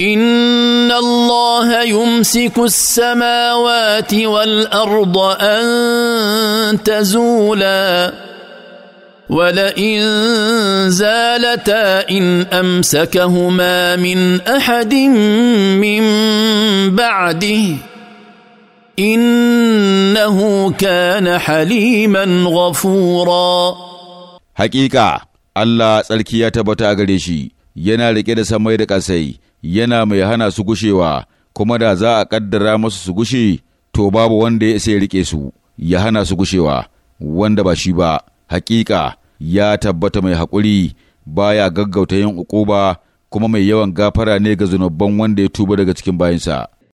ان الله يمسك السماوات والارض ان تزولا ولئن زالتا ان امسكهما من احد من بعده انه كان حليما غفورا حقيقه الله تسلكي يا تبتا غريشي ينالك rike da yana mai hana su gushewa kuma da za a ƙaddara masu su gushe to babu wanda ya isa ya riƙe su ya hana su gushewa wanda ba shi ba hakika ya tabbata mai haƙuri baya gaggauta yin ba kuma mai yawan gafara ne ga zunubban wanda ya tuba daga cikin bayansa.